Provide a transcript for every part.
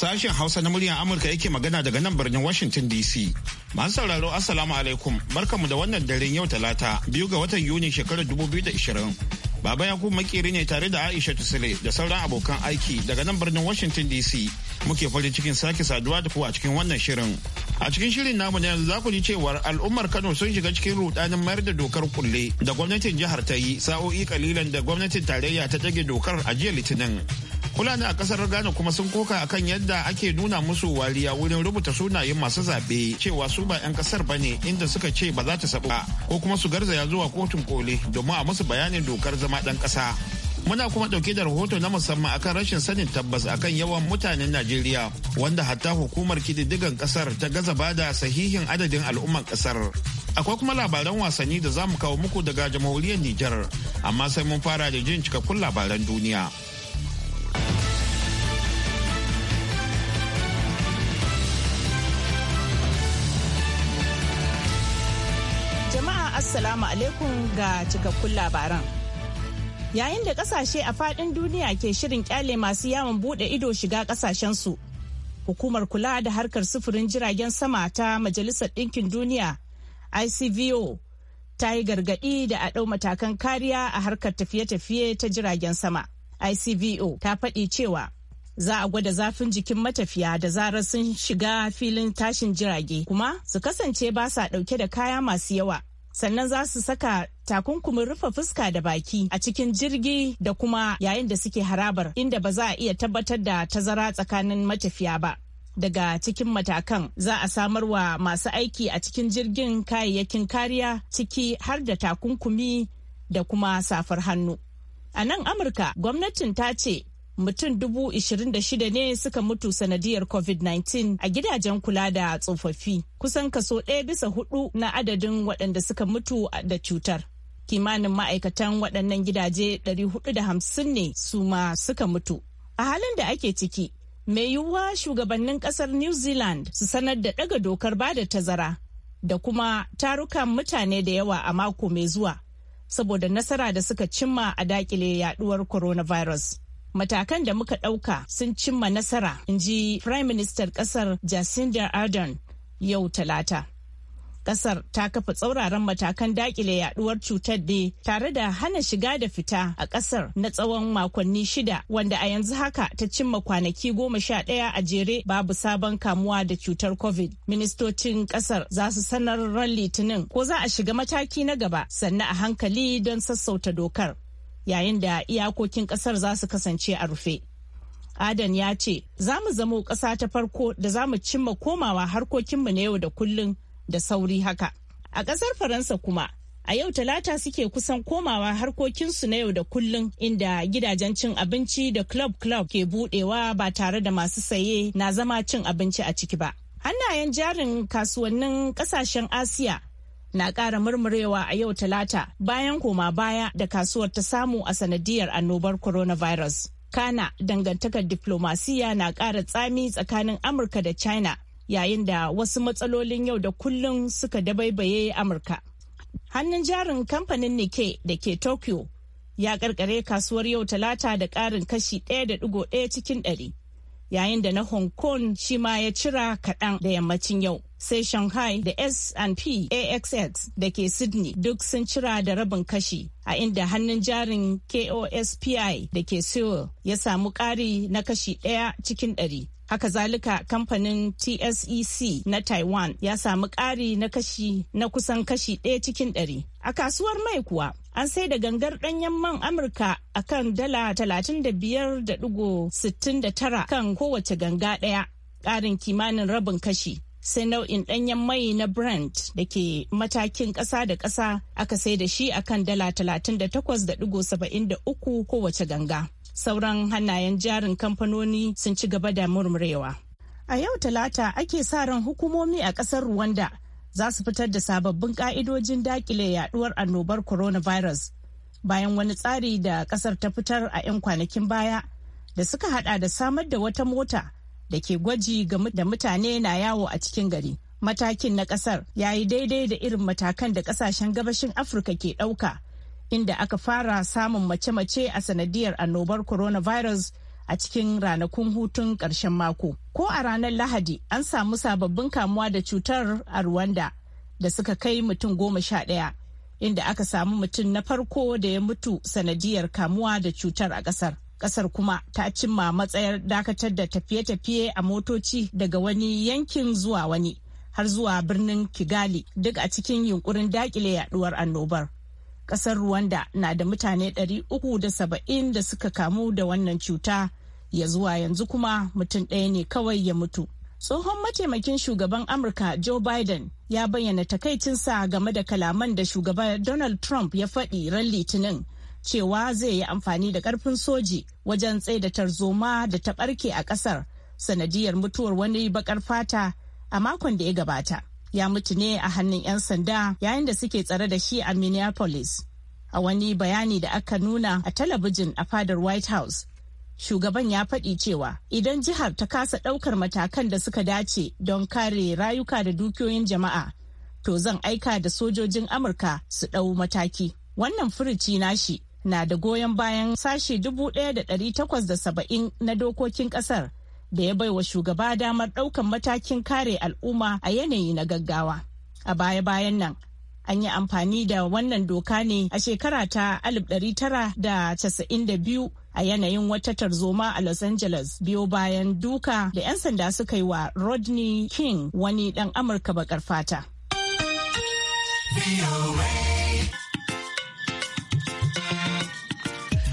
Sashen Hausa na muryar Amurka yake magana daga nan birnin Washington DC. Masu sauraro Assalamu alaikum. Barkamu da wannan daren yau Talata, biyu ga watan Yuni shekarar 2020. Baba Yakubu makeri ne tare da Aisha Tusile da sauran abokan aiki daga nan birnin Washington DC. Muke farin cikin sake saduwa da ku a cikin wannan shirin. A cikin shirin namu na yanzu za ku ji cewar al'ummar Kano sun shiga cikin rudanin mayar da dokar kulle da gwamnatin jihar ta yi sa'o'i kalilan da gwamnatin tarayya ta dage dokar a jiya Litinin. Fulani a kasar Ghana kuma sun koka akan yadda ake nuna musu wariya wurin rubuta sunayen masu zaɓe cewa su ba 'yan kasar ba ne inda suka ce ba za ta sabu ko kuma su garzaya zuwa kotun koli domin a musu bayanin dokar zama ɗan ƙasa. Muna kuma ɗauke da rahoto na musamman akan rashin sanin tabbas akan yawan mutanen Najeriya wanda hatta hukumar kididdigan ƙasar ta gaza bada sahihin adadin al'umman ƙasar. Akwai kuma labaran wasanni da zamu kawo muku daga jamhuriyar Nijar, amma sai mun fara da jin cikakkun labaran duniya. Assalamu alaikum ga cikakkun labaran. Yayin da kasashe a faɗin duniya ke shirin kyale masu yawon buɗe ido shiga su. hukumar kula da harkar sufurin jiragen sama ta Majalisar Ɗinkin Duniya, ICVO, ta yi gargaɗi da a ɗau matakan kariya a harkar tafiye-tafiye ta jiragen sama. ICVO ta faɗi cewa za a gwada zafin jikin matafiya da zarar sun shiga filin tashin jirage kuma su kasance ba sa ɗauke da kaya masu yawa sannan za su saka takunkumin rufe fuska da baki a cikin jirgi da kuma yayin da suke harabar inda ba za a iya tabbatar da tazara tsakanin matafiya ba daga cikin matakan za a samar wa masu aiki a cikin jirgin kayayyakin kariya ciki har da takunkumi da kuma safar hannu a nan amurka gwamnatin ta ce mutum dubu ishirin da shida ne suka mutu sanadiyar covid-19 a gidajen kula da tsofaffi kusan kaso ɗaya bisa hudu na adadin waɗanda suka mutu da cutar kimanin ma'aikatan waɗannan gidaje 450 ne su ma suka mutu a halin da ake ciki mai yiwuwa shugabannin ƙasar new zealand su sanar da ɗaga dokar ba da tazara da kuma tarukan mutane da yawa a mako mai zuwa saboda nasara da suka cimma a dakile yaduwar coronavirus. matakan da muka ɗauka sun cimma nasara in ji prime minister ƙasar jacinda ardern yau talata ƙasar ta kafa tsauraran matakan daƙile yaduwar cutar ne tare da hana shiga da fita a ƙasar na tsawon makonni shida wanda a yanzu haka ta cimma kwanaki goma sha ɗaya a jere babu sabon kamuwa da cutar covid ministocin ƙasar za su sanar ran litinin ko za a shiga mataki na gaba sannan a hankali don sassauta dokar yayin da iyakokin kasar za su kasance a rufe. Adan ya ce, za mu zamo ƙasa ta farko da za mu cimma komawa harkokinmu na yau da kullum da sauri haka. A ƙasar Faransa kuma, a yau talata suke kusan komawa harkokinsu na yau da kullum inda gidajen cin abinci da club club ke budewa ba tare da masu saye na zama cin abinci a ciki ba. Hannayen jarin kasuwannin ƙasashen Asiya na ƙara murmurewa a yau talata bayan koma baya da kasuwar ta samu a sanadiyar annobar coronavirus. Kana dangantakar diplomasiya na ƙara tsami tsakanin Amurka da China yayin da wasu matsalolin yau da kullum suka dabaibaye Amurka. Hannun jarin kamfanin Nike da ke Tokyo ya karkare kasuwar yau talata da karin kashi ɗaya da ɗaya cikin ɗari. yayin da na hong kong shi ma ya cira kaɗan da yammacin yau sai Shanghai da S&P AXX da ke Sydney duk sun cira da rabin kashi a inda hannun jarin KOSPI da ke Seoul ya samu ƙari na kashi ɗaya cikin ɗari. Haka zalika kamfanin TSEC na Taiwan ya samu ƙari na kashi na kusan kashi ɗaya cikin ɗari. A kasuwar mai kuwa an sai da gangar ɗanyen man Amurka a kan dala 35.69 kan kowace ganga ɗaya, ƙarin kimanin rabin kashi. sai nau'in ɗanyen mai na brand da ke matakin ƙasa da ƙasa aka sai da shi a kan dala 38.73 kowace ganga sauran hannayen jarin kamfanoni sun ci gaba da murmurewa a yau talata ake sa ran hukumomi a ƙasar rwanda za su fitar da sababbin ƙa'idojin dakile yaduwar annobar coronavirus bayan wani tsari da ƙasar ta fitar a 'yan kwanakin baya da suka hada da samar da wata mota da ke gwaji da mutane na yawo a cikin gari. Matakin na kasar ya yi daidai da irin matakan da kasashen gabashin Afirka ke ɗauka, inda aka fara samun mace-mace a sanadiyar annobar coronavirus a cikin ranakun hutun ƙarshen mako. Ko a ranar Lahadi an samu sababbin kamuwa da cutar a Rwanda da suka kai mutum goma sha ɗaya, inda aka samu mutum na farko da ya mutu sanadiyar kamuwa da cutar a ƙasar. kasar kuma ta cimma matsayar dakatar da tafiye-tafiye a motoci daga wani yankin zuwa wani har zuwa birnin kigali duk a cikin yunkurin dakile yaduwar annobar kasar rwanda na da mutane 370 da suka kamu da wannan cuta ya zuwa yanzu kuma mutum ɗaya ne kawai ya mutu tsohon mataimakin shugaban amurka joe biden ya bayyana takaicinsa game da kalaman da shugaba donald trump ya faɗi ran litinin cewa zai yi amfani da karfin soji wajen tsaidatar tarzoma da ta barke a kasar sanadiyar mutuwar wani bakar fata a makon da ya gabata ya mutu ne a hannun 'yan sanda yayin da suke tsare da shi a minneapolis a wani bayani da aka nuna a talabijin a fadar white house shugaban ya faɗi cewa idan jihar ta kasa ɗaukar matakan da suka dace don kare rayuka da dukiyoyin jama'a to zan aika da sojojin amurka su ɗau mataki wannan furuci nashi na da goyon bayan sashe 1870 na dokokin kasar da ya baiwa shugaba damar ɗaukan matakin kare al'umma a yanayi na gaggawa. A baya-bayan nan, an yi amfani da wannan doka ne a shekara ta 1992 a yanayin wata tarzoma a Los Angeles biyo bayan duka da 'yan sanda suka yi wa Rodney King wani ɗan Amurka baƙar fata.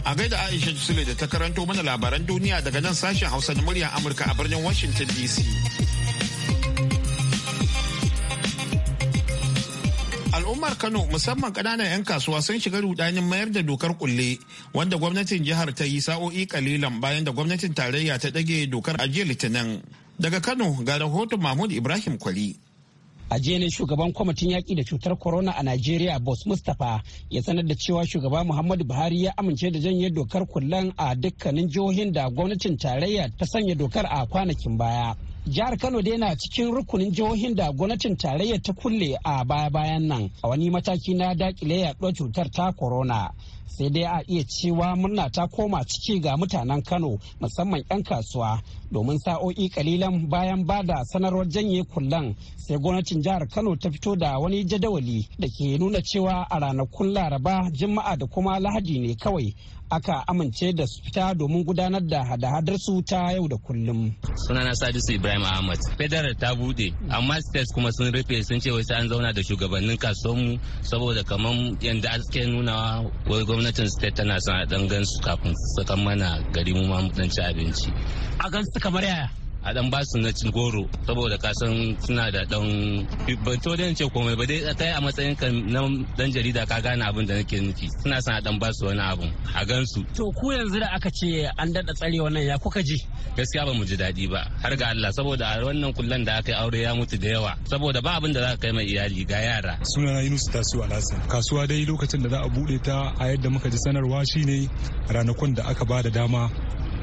A gaida Aisha Sule da ta karanto mana labaran duniya daga nan sashen Hausa da muryar Amurka a birnin Washington DC. Al'ummar Kano musamman ƙananan 'yan kasuwa sun shiga rudanin mayar da dokar kulle wanda gwamnatin jihar ta yi sa'o'i kalilan bayan da gwamnatin tarayya ta ɗage dokar ajiyar litinin. Daga Kano ga rahoton Mahmud Ibrahim Kwali. a jiya shugaban kwamitin yaƙi da cutar corona a najeriya boss mustapha ya sanar da cewa shugaba muhammadu buhari ya amince da janye dokar kullan a dukkanin jihohin da gwamnatin tarayya ta sanya dokar a kwanakin baya jihar kano dai na cikin rukunin jihohin da gwamnatin tarayyar ta kulle a baya-bayan nan a wani mataki na dakile yaduwar cutar ta corona sai dai a iya cewa murna ta koma ciki ga mutanen kano musamman 'yan kasuwa domin sa'o'i kalilan bayan ba da sanarwar janye kullan sai gwamnatin jihar kano ta fito da wani jadawali da ke nuna cewa a ranakun laraba juma'a da kuma lahadi ne kawai aka amince da su fita domin gudanar da hada-hadarsu ta yau da kullum. Sunana Sadisu Ibrahim Ahmad. Federal ta bude, amma states kuma sun rufe sun ce wai an zauna da shugabannin kasuwanmu saboda kamar yadda ake nunawa wai gwamnatin state tana sana a su kafin su kan mana gari mu ma mu abinci. A gan su kamar yaya? a dan ba su na goro saboda ka san suna da dan ban to dan komai ba dai kai a matsayin ka na dan jarida ka gane abin da nake nufi suna san a dan ba su wani abu a gansu to ku yanzu da aka ce an dada tsare wannan ya kuka ji gaskiya ba mu ji daɗi ba har ga Allah saboda a wannan kullan da aka yi aure ya mutu da yawa saboda ba abin da za ka kai mai iyali ga yara Suna na Yunus Tasu Alhassan kasuwa dai lokacin da za a bude ta a yadda muka ji sanarwa shine ranakun da aka ba da dama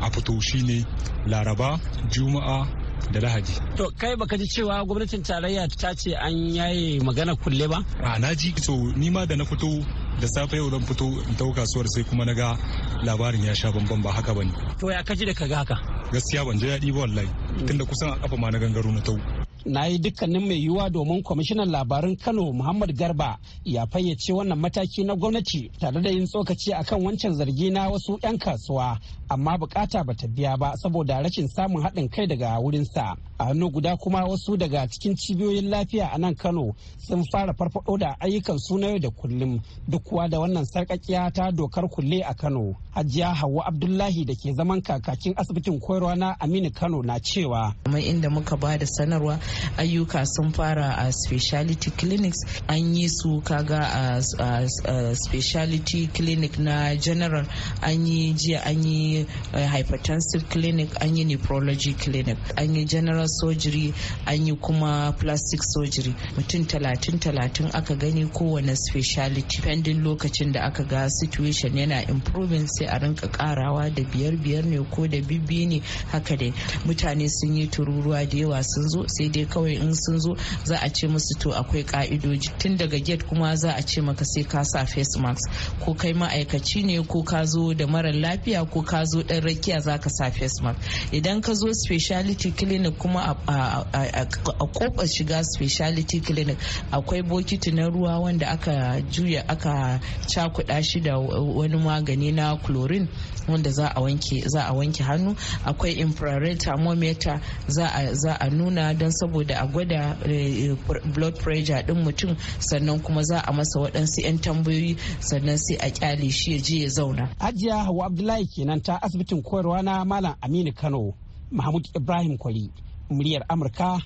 a fito shine laraba juma'a da lahadi. To kai baka ji cewa gwamnatin tarayya ta ce an yaye magana kulle ba? A na ji to ni ma da na fito da safe yau zan fito in tau kasuwar sai kuma na ga labarin ya sha bamban ba haka bane. To ya kaji da kaga haka? Gaskiya ban ji daɗi ba wallahi mm. tunda kusan a kafa ma na gangaro na tau. na yi dukkanin mai yiwuwa domin kwamishinan labarun kano muhammad garba ya fayyace wannan mataki na gwamnati tare da yin tsokaci akan wancan zargi na wasu 'yan kasuwa amma bukata ba ta biya ba saboda rashin samun haɗin kai daga wurinsa a hannu guda kuma wasu daga cikin cibiyoyin lafiya a nan kano sun fara farfado da ayyukan su na yau da kullum duk kuwa da wannan sarƙaƙiya ta dokar kulle a kano hajiya hawa abdullahi da ke zaman kakakin asibitin koyarwa na aminu kano na cewa kamar inda muka ba da sanarwa ayyuka sun fara a speciality clinics an yi su kaga a speciality clinic na general an yi jiya an yi eh, hypertensive clinic an yi nephrology clinic an yi general surgery an yi kuma plastic surgery mutum talatin talatin aka gani kowane speciality pending lokacin da aka ga situation yana improving sai a rinka karawa da biyar biyar ne ko da bibbi ne haka dai mutane sun yi tururuwa da yawa sun zo sai dai kawai in sun zo za a ce musu to akwai ka'idoji tun daga gate kuma za a ce maka sai ka sa face mask ko kai ma'aikaci ne ko ka zo da mara lafiya ko ka zo dan rakiya za ka sa face mask idan ka zo speciality clinic kuma a kofar shiga speciality clinic akwai bokiti na ruwa wanda aka juya aka cakuɗa shi da wani magani na chlorine wanda za a wanke za a wanke hannu akwai infrared thermometer za a za a nuna don saboda a gwada eh, blood pressure din mutum sannan kuma za a masa waɗansu 'yan tambayoyi sannan sai a kyale shi ya je ya zauna. ajiya Hawa Abdullahi kenan ta asibitin koyarwa na Malam Aminu Kano Mahmud Ibrahim Kwali muryar Amurka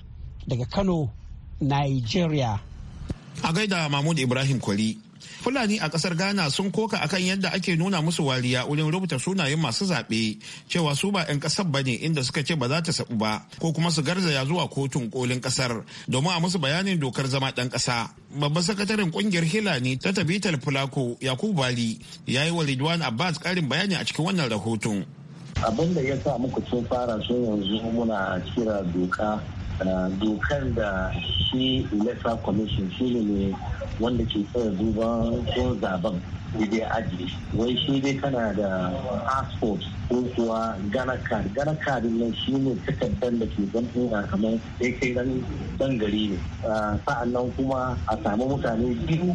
daga Kano, Nigeria. A gaida Mahmud Ibrahim Kwali Fulani a kasar Ghana sun koka akan yadda ake nuna musu wariya wurin rubuta sunayen masu zaɓe cewa su ba 'yan ƙasar ba ne inda suka ce ba za ta saɓu ba ko kuma su garzaya zuwa kotun kolin ƙasar domin a musu bayanin dokar zama ɗan ƙasa. Babban sakataren ƙungiyar Hilani ta Tabital Fulako Yakubu Bali ya yi wa Ridwan Abbas karin bayani a cikin wannan rahoton. Abin da ya sa muku sun fara so yanzu muna kira doka Eh, dokar da shi electoral commission shi ne wanda ke tsaya duban ko zaben ajiye aji wai shi dai kana da passport ko kuwa gana card gana card ne shi ne takardar da ke zan tura kamar sai kai dan dan gari ne eh, nan kuma a samu mutane biyu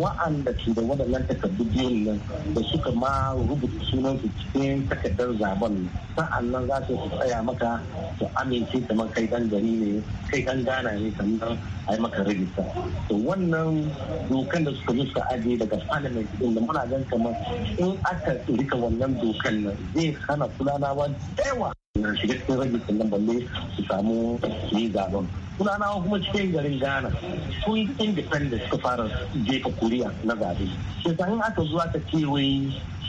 wa'anda ke da waɗannan takardu biyun nan da suka ma rubuta sunan su cikin takardar zaben nan za su tsaya maka su amince kamar kai dan gari ne kai kan gana ne sannan a yi maka rajista to wannan dokan da suka zo suka aje daga parliament din da muna gan kamar in aka rika wannan dokan nan zai hana fulanawa da yawa shiga cikin rajista nan balle su samu yi zaben fulanawa kuma cikin garin ghana sun independent suka fara jefa kuriya na zabe shi in aka zuwa ta ce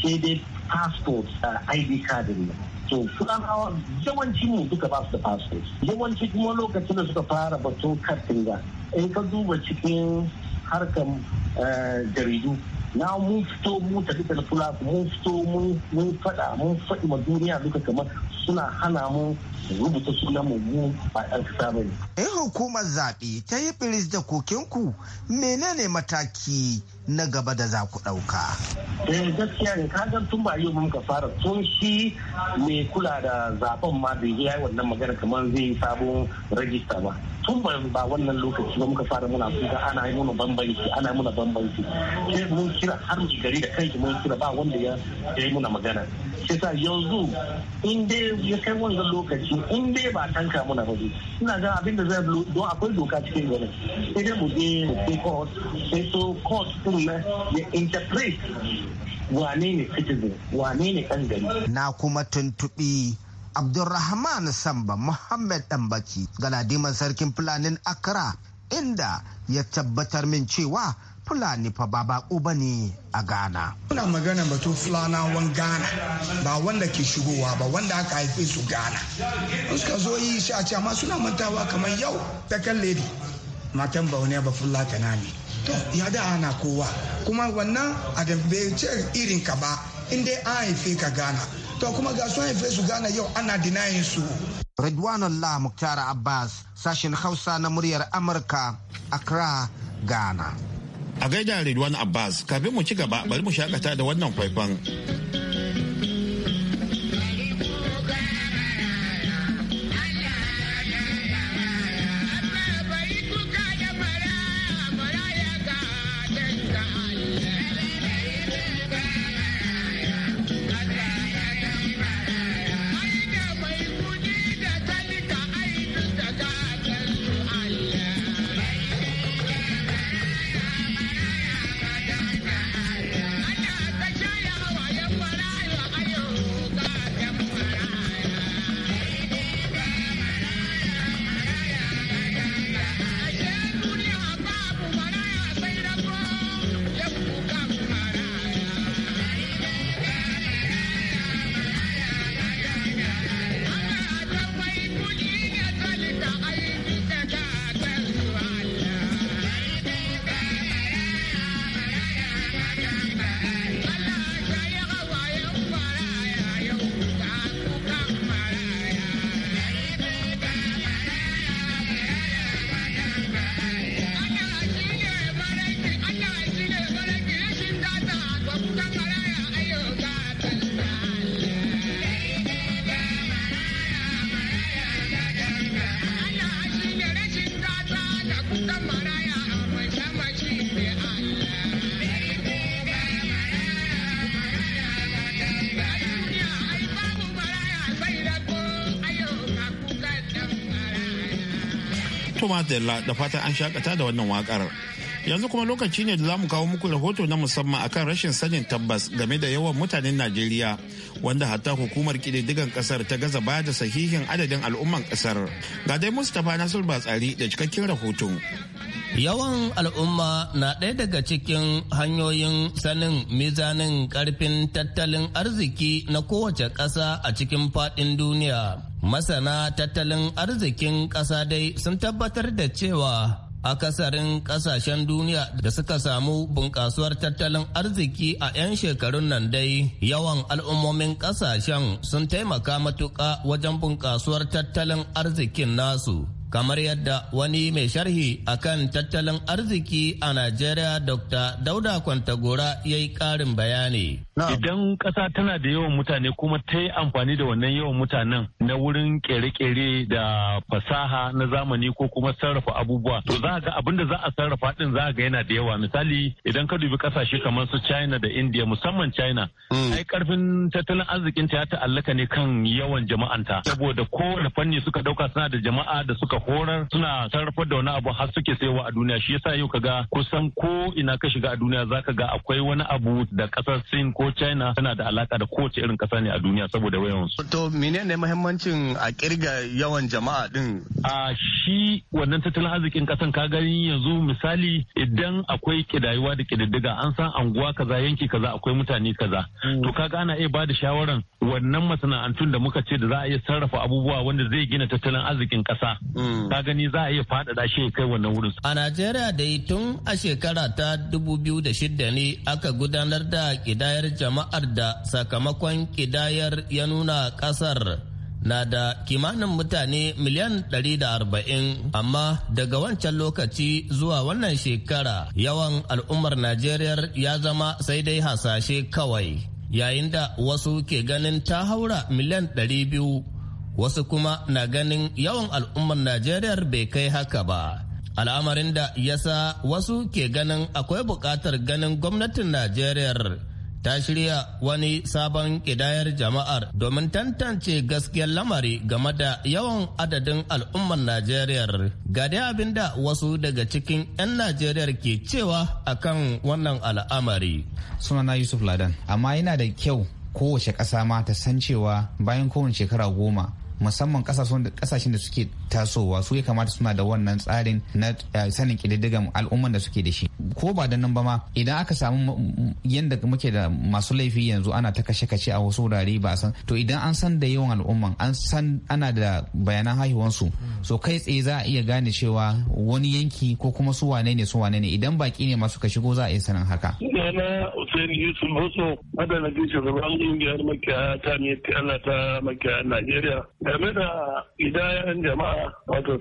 sai dai passport uh, id card ne to fulanawa yawanci ne duka ba su da passport yawanci kuma lokacin da suka fara batun kartin ga in ka duba cikin harkar eh, jaridu na mun fito mun tafi talfula mun fito mun fada mun faɗi ma duniya duka kamar suna hana mu rubuta sunan mu mu a yan kasa bane. Eh, hukumar zaɓe ta yi firis da kokinku menene mataki na gaba da za ku ɗauka. Eh gaskiya ne ka tun ba yau ka fara tun shi mai kula da zaben ma bai yi wannan magana kamar zai sabon rajista ba. Tun ba ba wannan lokaci ba muka fara muna kuka ana yi muna bambanci ana muna bambanci. Sai mun kira har mu gari da kai mun kira ba wanda ya yi muna magana. Sai sa yanzu in dai ya kai wannan lokaci in dai ba tanka muna ba ina ga abin da zai don akwai doka cikin gari. Sai dai mu je sai court sai so court ya interpret wane ne citizen wane ne ɗan gari. Na kuma tuntuɓi Abdulrahman Samba Muhammad Ɗanbaki galadiman sarkin Fulanin Accra inda ya tabbatar min cewa Fulani fa ba ba ne a Ghana. Muna magana batun Fulanawan Ghana ba wanda ke shigowa ba wanda aka haife su Ghana. Suka zo yi shi a suna mantawa kamar yau second lady matan bauniya ba fulata na ne. ya da ana kowa kuma wannan a da irin ka ba in an haife ka gana to kuma ga su haife su gana yau ana dinayin su Allah Muktar Abbas sashin Hausa na muryar Amurka Accra Ghana A gaida Ridwan Abbas kafin mu ci gaba bari mu shakata da wannan faifan madalla da fatan an shakata da wannan wakar. Yanzu kuma lokaci ne da za mu kawo muku rahoto na musamman akan rashin sanin tabbas game da yawan mutanen Najeriya wanda hatta hukumar kididdigan kasar ta gaza ba da sahihin adadin al'umman kasar. Ga dai Mustapha Nasir Batsari da cikakken rahoton. Yawan al'umma na ɗaya daga cikin hanyoyin sanin mizanin ƙarfin tattalin arziki na kowace ƙasa a cikin faɗin duniya. Masana tattalin arzikin ƙasa dai sun tabbatar da cewa akasarin ƙasashen duniya da suka samu bunƙasuwar tattalin arziki a 'yan shekarun nan dai yawan al'ummomin ƙasashen sun taimaka matuƙa wajen bunƙasuwar tattalin arzikin nasu kamar yadda wani mai sharhi akan tattalin arziki a Najeriya Dr. Dauda Kwantagora ya yi ƙarin bayani. Idan ƙasa tana da yawan mutane kuma ta yi amfani da wannan yawan mutanen na wurin kere-kere da fasaha na zamani ko kuma sarrafa abubuwa. To za ga abin da za a sarrafa din za ga yana da yawa. Misali idan ka dubi ƙasashe kamar su China da India musamman China. Mm. Ai karfin tattalin arzikinta ya ta'allaka ne kan yawan jama'anta. Saboda kowane fanni suka ɗauka suna da jama'a da suka horar suna sarrafar da wani abu har suke saiwa a duniya shi yasa yau kaga kusan ko ina ka shiga a duniya zaka ga akwai wani abu da kasar Sin ko China tana da alaka da kowace irin kasa ne a duniya saboda wayan su. To menene muhimmancin a kirga yawan jama'a din? A shi wannan tattalin arzikin kasan ka gani yanzu misali idan akwai kidayuwa da kididdiga an san anguwa kaza yanki kaza akwai mutane kaza. Mm. To kaga ana iya bada shawaran wannan masana'antun da muka ce da za a iya sarrafa abubuwa wanda zai gina tattalin arzikin kasa. Mm. Mm. ka gani za a iya faɗaɗa shi ya kai wannan wurin. A Najeriya dai tun a shekara ta dubu biyu da 2006 ne aka gudanar da kidayar jama'ar da sakamakon kidayar ya nuna ƙasar. na da kimanin mutane miliyan 140 amma daga wancan lokaci zuwa wannan shekara yawan al'ummar najeriya ya zama sai dai hasashe kawai yayin da wasu ke ganin ta haura miliyan 200 wasu kuma na ganin yawan al'ummar najeriya bai kai haka ba al'amarin da yasa wasu ke ganin akwai buƙatar ganin gwamnatin najeriya ta shirya wani sabon ƙidayar jama'ar domin tantance gaskiyar lamari game da yawan adadin al'ummar najeriya ga dai abin da wasu daga cikin 'yan najeriya ke cewa akan wannan al'amari sunana yusuf ladan amma yana da kyau kowace ƙasa ma ta san cewa bayan kowane shekara goma musamman kasashen da suke tasowa su ya kamata suna da wannan tsarin na eh, sanin kididdigan al'umman da suke da shi ko ba da nan ba ma idan aka samu yadda muke da masu laifi yanzu ana ta kashe kashe a wasu wurare ba san to idan an san da yawan al'umman an san ana da bayanan haihuwansu so kai tsaye za a iya gane cewa wani yanki ko kuma su wane ne su wane ne idan baki ne masu kashe ko za a iya sanin haka. Sunana Hussein Yusuf Hoso, madana gishin zaban ƙungiyar makiyaya ta ne ta Najeriya. game da idayen jama'a wato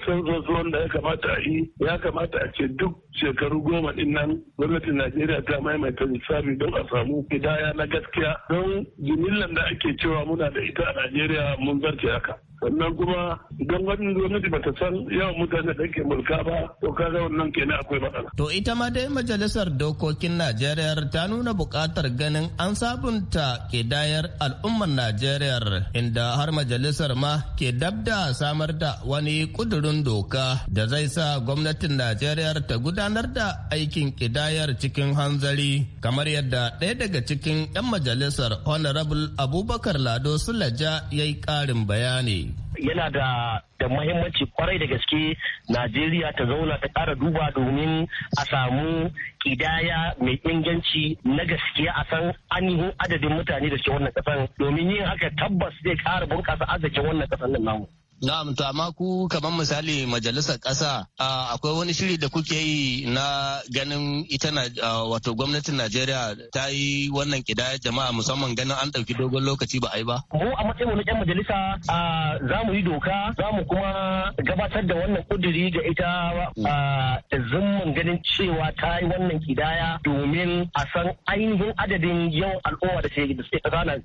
zuwan da ya kamata a yi ya kamata a ce duk shekaru goma din nan gwamnatin najeriya ta maimaita lissafi don a samu idaya na gaskiya don jimillan da ake cewa muna da ita a najeriya mun zarce haka sannan kuma idan wani gwamnati bata san yawan mutane da ke mulka ba to kaga wannan kenan akwai matsala. To ita ma dai majalisar dokokin Najeriya ta nuna buƙatar ganin an sabunta dayar al'ummar Najeriya inda har majalisar ma ke dabda samar da wani kudurin doka da zai sa gwamnatin Najeriya ta gudanar da aikin kidayar cikin hanzari kamar yadda ɗaya daga cikin 'yan majalisar Honorable Abubakar Lado Sulaja ya yi ƙarin bayani. yana da da mahimmanci kwarai da gaske Najeriya ta zauna ta ƙara duba domin a samu kidaya mai inganci na gaskiya a san ainihin adadin mutane da ke wannan ƙasar domin yin haka tabbas zai ƙara bunƙasa arzikin wannan ƙasar nan namu. Na'am to amma ku kamar misali majalisar ƙasa akwai wani shiri da kuke yi na ganin ita na wato gwamnatin Najeriya ta yi wannan kidayar jama'a musamman ganin an ɗauki dogon lokaci ba a yi ba. Mu a matsayin wani ƴan majalisa za mu yi doka za mu kuma gabatar da wannan kuduri ga ita da zumman ganin cewa ta yi wannan kidaya domin a san ainihin adadin yawan al'umma da suke da suke wannan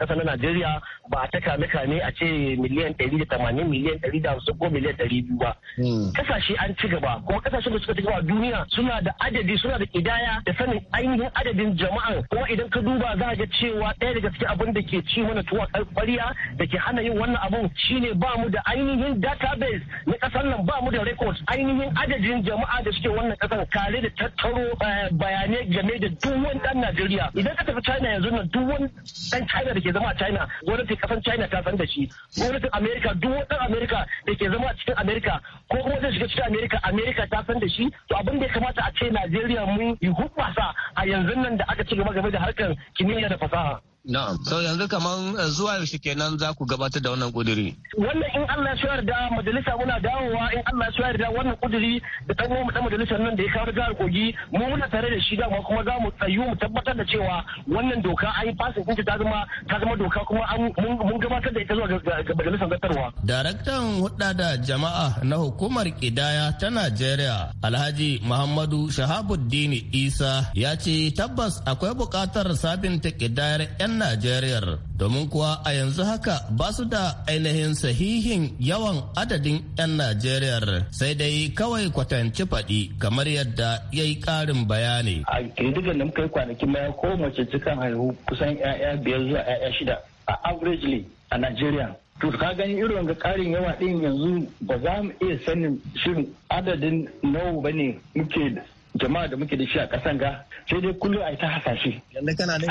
ƙasa na Najeriya ba a ta kame kame a ce miliyan ɗari da 80 miliyan 150 ko miliyan 200 ba. Hmm. Kasashe an ci gaba kuma kasashen da suka ci gaba duniya suna da adadi suna da kidaya da sanin ainihin adadin jama'an kuma idan ka duba za ga cewa ɗaya daga cikin abin da ke ci mana tuwa kwariya da ke hana yin wannan abun shine ba mu da ainihin database na ƙasar nan ba mu da records ainihin adadin jama'a da suke wannan kasar tare da tattaro eh, bayanai game da duk wani ɗan Najeriya idan ka tafi China yanzu nan duk wani ɗan China da ke zama a China gwamnatin kasan China ta san da shi gwamnatin America duk wani amerika da ke zama a cikin amerika ko kuma zai shiga cikin amerika amerika ta san da shi to abin da ya kamata a ce najeriya mun yi hubbasa a yanzu nan da aka ci gaba game da harkar kimiyya da fasaha Na'am. yanzu kamar eh, zuwa yaushe kenan za ku gabatar da wannan kuduri? Wannan in Allah ya da majalisa muna dawowa in Allah ya da wannan kuduri da dan mu dan majalisar nan da ya kawo jihar Kogi mu muna tare da shi dama kuma za mu tsayu mu tabbatar da cewa wannan doka an yi fasin ɗinta ta zama ta zama doka kuma mun gabatar da ita zuwa ga majalisar gatarwa. Daraktan hudda da jama'a na hukumar kidaya ta Najeriya Alhaji Muhammadu Shahabuddin Isa ya ce tabbas akwai buƙatar sabinta kidayar 'yan 'yan Najeriya domin kuwa a yanzu haka ba su da ainihin sahihin yawan adadin 'yan Najeriya sai dai kawai kwatanci faɗi kamar yadda ya yi ƙarin bayani. A ƙididdigar da muka yi kwanakin maya ko mace cikin haihu kusan 'ya'ya biyar zuwa 'ya'ya shida a averagely a Najeriya. To ka gani irin ga karin yawa ɗin yanzu ba za mu iya sanin shirin adadin nawa ba ne muke jama'a da muke da shi a kasan ga sai dai kullum a yi ta hasashe. Yanzu kana ne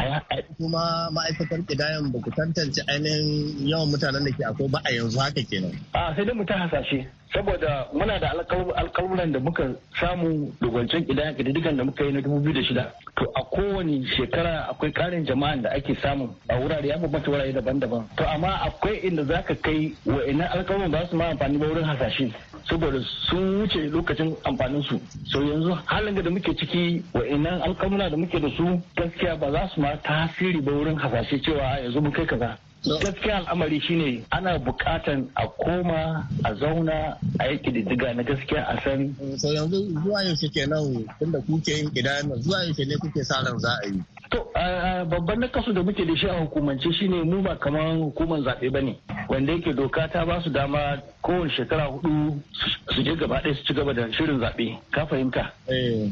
kuma ma'aikatar kidayan ba ku tantance ainihin yawan mutanen da ke akwai ba a yanzu haka kenan. A sai dai mu ta hasashe. saboda muna da alkalmuran da muka samu da idan kidayan kididdigan da muka yi na shida to a kowane shekara akwai karin jama'a da ake samu a wurare ya bambanta wurare daban-daban to amma akwai inda za ka kai ina alkalmuran ba su ma amfani ba wurin hasashe saboda sun wuce lokacin amfanin su so yanzu halin da muke ciki ina alkalmuran da muke da su gaskiya ba za su ma tasiri ba wurin hasashe cewa yanzu mun kai kaza gaskiya al'amari shine ana bukatan a koma a zauna a yi kididdiga na gaskiya a san so yanzu zuwa yaushe kenan tunda kuke yin kidaya zuwa yaushe ne kuke sa ran za a yi To babban nakasu da muke da shi a hukumance shine mu ba kaman hukumar zaɓe bane wanda yake doka ta ba su dama kowane shekara hudu su je gaba ɗaya su ci gaba da shirin zaɓe ka fahimta eh.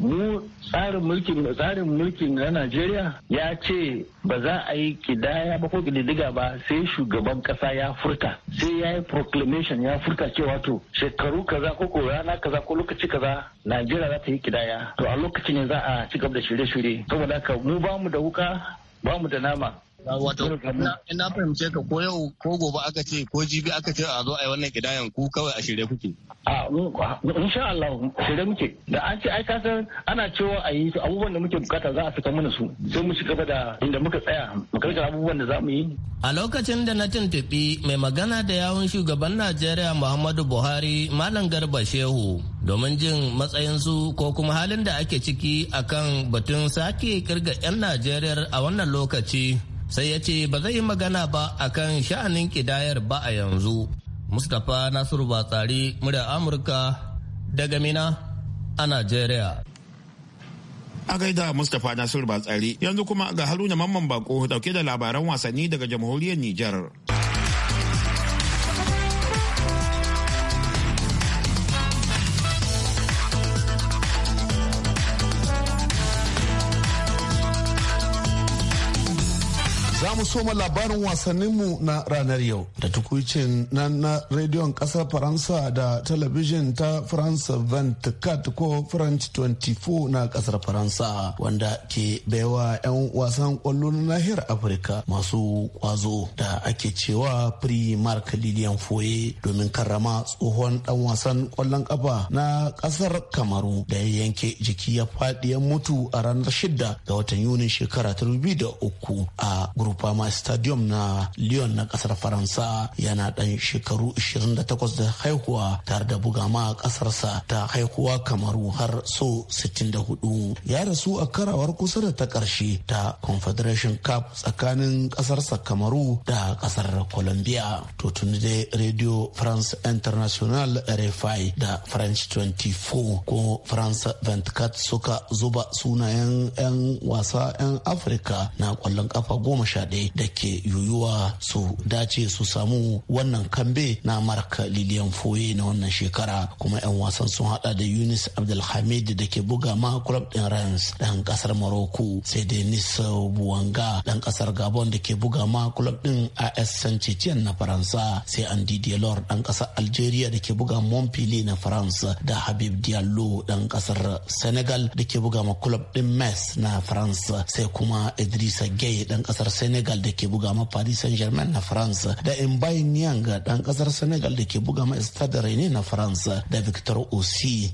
mu tsarin mulkin tsarin mulkin na najeriya ya ce ba za a yi kidaya ba ko kididdiga ba sai shugaban ƙasa ya furta sai ya yi proclamation ya furta cewa to shekaru kaza ko ko rana kaza ko lokaci kaza najeriya za ta yi kidaya to a lokacin ne za a ci gaba da shirye-shirye saboda haka mu ba mu da wuka ba mu da nama wato ina fahimce ka ko yau ko gobe aka ce ko jibi aka ce a zo a yi wannan kidayan ku kawai a shirye kuke in insha Allah shirye muke da an ce ai ka san ana cewa a yi su abubuwan da muke bukata za a fita mana su sai mu shiga da inda muka tsaya mu karkar abubuwan da za mu yi a lokacin da na tuntuɓi mai magana da yawun shugaban Najeriya Muhammadu Buhari Malam Garba Shehu domin jin matsayinsu ko kuma halin da ake ciki akan batun sake kirga 'yan Najeriya a wannan lokaci sai ya ce ba zai yi magana ba a kan sha'anin kidayar ba a yanzu mustapha nasiru batsari murya amurka daga mina a Najeriya. a gaida mustapha nasiru batsari yanzu kuma ga haruna mamman bako dauke da labaran wasanni daga jamhuriyar nijar Za mu soma labarin wasanninmu na ranar yau da tukuicin nan na rediyon kasar Faransa da talabijin ta faransa 24 ko French 24 na kasar Faransa wanda ke baiwa 'yan wasan kwallo na nahiyar Afirka masu kwazo da ake cewa pre-mark Lilian Foye domin karrama tsohon dan wasan kwallon ƙafa na kasar Kamaru da ya yanke jiki ya faɗi ya mutu a ranar 6 ga watan Yunin shekara uku a Grupa fama stadium na lyon na kasar faransa yana dan shekaru 28 da haihuwa tare da buga ma kasarsa ta haihuwa kamaru har so 64 ya rasu a karawar kusa da ta karshe ta confederation cup tsakanin kasarsa kamaru da kasar colombia to tuni dai radio france international rfi da french 24 ko france 24 suka zuba sunayen 'yan wasa 'yan afirka na kwallon kafa goma sha kuɗaɗe da ke yuyuwa su dace su samu wannan kambe na mark lilian foye na wannan shekara kuma 'yan wasan sun hada da yunis abdulhamid da ke buga ma club din rams dan kasar maroko sai denis buwanga dan kasar gabon da ke buga ma club din as saint na faransa sai andy delors dan kasar algeria da ke buga montpellier na faransa da habib diallo dan kasar senegal da ke buga ma club din mes na faransa sai kuma idrisa gay dan kasar senegal senegal da ke buga ma paris saint germain na france da mbaye niang dan kasar senegal da ke buga ma stade rene na france da victor osi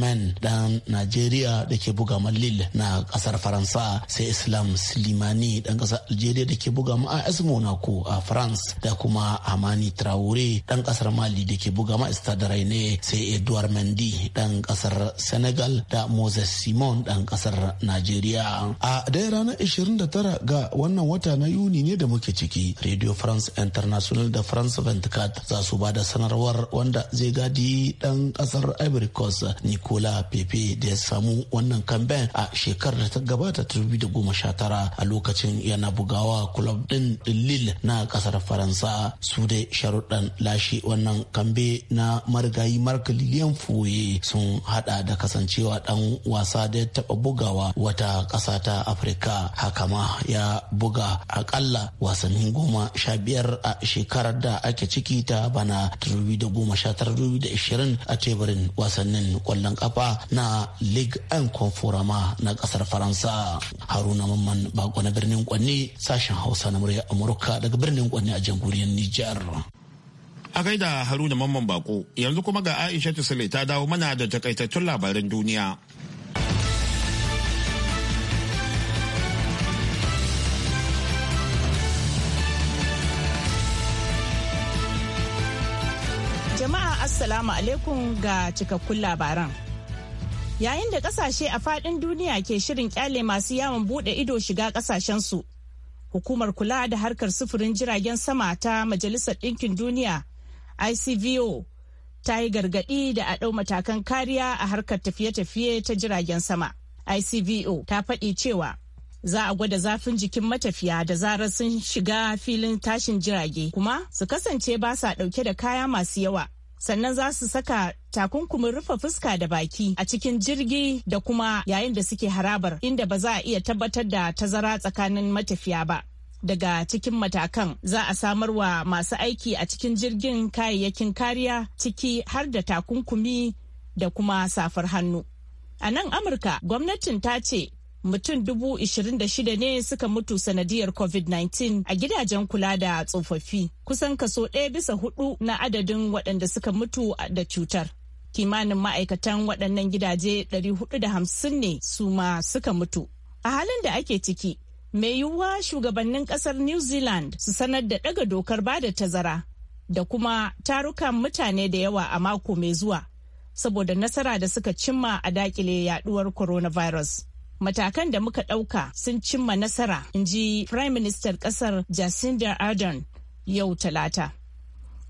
men dan nigeria da ke buga ma lille na kasar faransa sai islam slimani dan kasar algeria da ke buga ma as monaco a france da kuma amani traore dan kasar mali da ke buga ma stade rene sai edouard mendy dan kasar senegal da moses simon dan kasar nigeria a dai ranar 29 ga wannan wata na yuni ne da muke ciki radio france international da france 24 za su ba da sanarwar wanda zai gadi dan kasar ivory coast nicola pepe da ya samu wannan kamben a shekarar da ta gabata ta 2019 a lokacin yana bugawa club din lille na kasar faransa su da sharuɗan lashe wannan kambe na marigayi mark lilian foye sun hada da kasancewa dan wasa da ya taɓa bugawa wata ƙasa ta afirka haka ma ya buga akalla wasannin goma sha biyar a shekarar da ake ciki ta bana da goma sha tara da ashirin a teburin wasannin kwallon kafa na Ligue 1 Conforama na kasar Faransa. Haruna Mamman Bako na birnin kwanni sashen Hausa na murya Amurka daga birnin kwanni a jamhuriyar Nijar. A gaida Haruna Mamman Bako yanzu kuma ga Aisha ta dawo mana da takaitattun labaran duniya. Assalamu alaikum ga cikakkun labaran. Yayin da kasashe a fadin duniya ke shirin kyale masu yawon bude ido shiga su hukumar kula da harkar sufurin jiragen sama ta Majalisar Ɗinkin Duniya, ICVO, ta yi gargaɗi da a ɗau matakan kariya a harkar tafiye-tafiye ta jiragen sama. ICVO ta faɗi cewa za a gwada zafin jikin matafiya da zarar sun shiga filin tashin jirage kuma su kasance ba sa ɗauke da kaya masu yawa sannan za su saka takunkumin rufe fuska da baki a cikin jirgi da kuma yayin da suke harabar inda ba za a iya tabbatar da tazara tsakanin matafiya ba. daga cikin matakan za a samar wa masu aiki a cikin jirgin kayayyakin kariya ciki har da takunkumi da kuma safar hannu. A nan Amurka gwamnatin ta ce mutum dubu ishirin da shida ne suka mutu sanadiyar covid-19 a gidajen kula da tsofaffi kusan kaso ɗaya bisa hudu na adadin waɗanda suka mutu da cutar kimanin ma'aikatan waɗannan gidaje hamsin ne su ma suka mutu a halin da ake ciki mai yiwuwa shugabannin ƙasar new zealand su sanar da ɗaga dokar ba da tazara da kuma tarukan mutane da yawa a mako mai zuwa saboda nasara da suka cimma a dakile yaduwar coronavirus. matakan da muka ɗauka sun cimma nasara in ji prime minister ƙasar jacinda ardern yau talata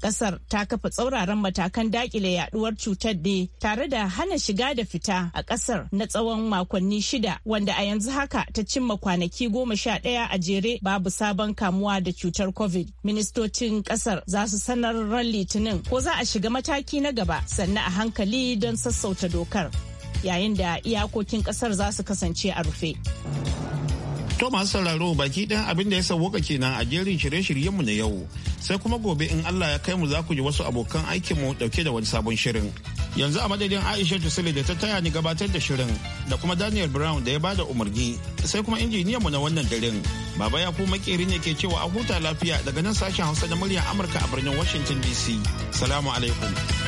ƙasar ta kafa tsauraran matakan daƙile yaduwar cutar ne tare da hana shiga da fita a ƙasar na tsawon makonni shida wanda a yanzu haka ta cimma kwanaki goma sha ɗaya a jere babu sabon kamuwa da cutar covid ministocin ƙasar za su sanar ran litinin ko za a shiga mataki na gaba sannan a hankali don sassauta dokar yayin da iyakokin kasar za su kasance a rufe. thomas masu sauraro baki ɗan abin da ya sauwaka kenan a jerin shirye-shiryenmu na yau. Sai kuma gobe in Allah ya kai mu za ku ji wasu abokan aikin mu ɗauke da wani sabon shirin. Yanzu a madadin Aisha sule da ta taya ni gabatar da shirin da kuma Daniel Brown da ya bada umarni sai kuma injiniyanmu na wannan daren. Baba ya kuma makeri ne ke cewa a huta lafiya daga nan sashen Hausa na muryar Amurka a birnin Washington DC. Salamu alaikum.